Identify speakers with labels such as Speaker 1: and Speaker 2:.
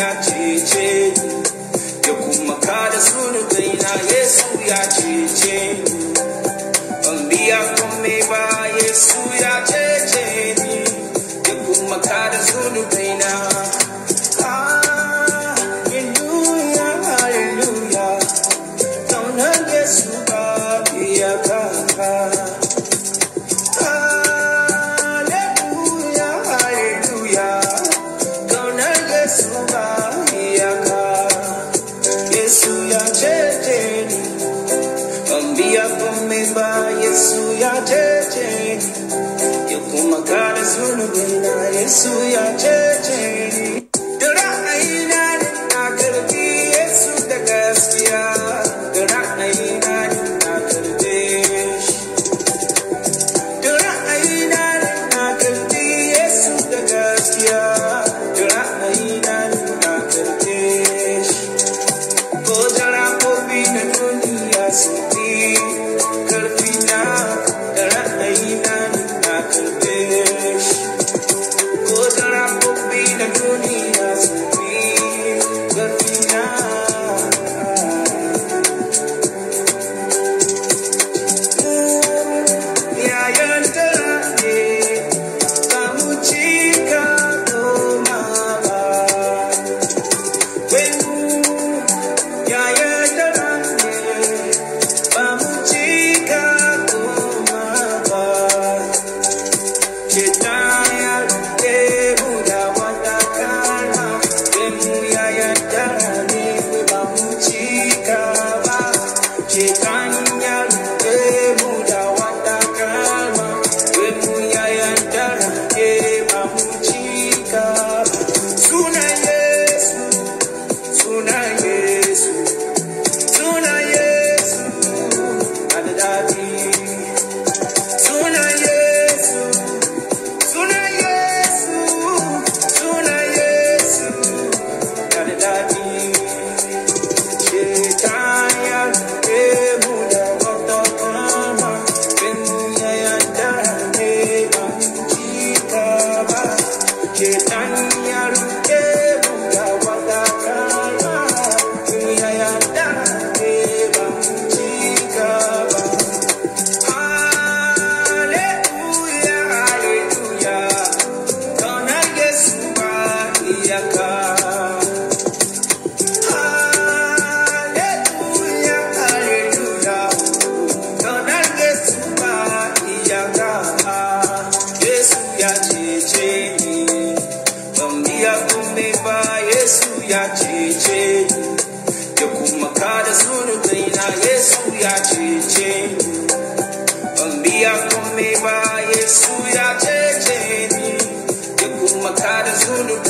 Speaker 1: got mezba Yesu ya cheche Yuko makara sulu bina Yesu ya cheche I ba Yesu ya checheni Yeku makara zulu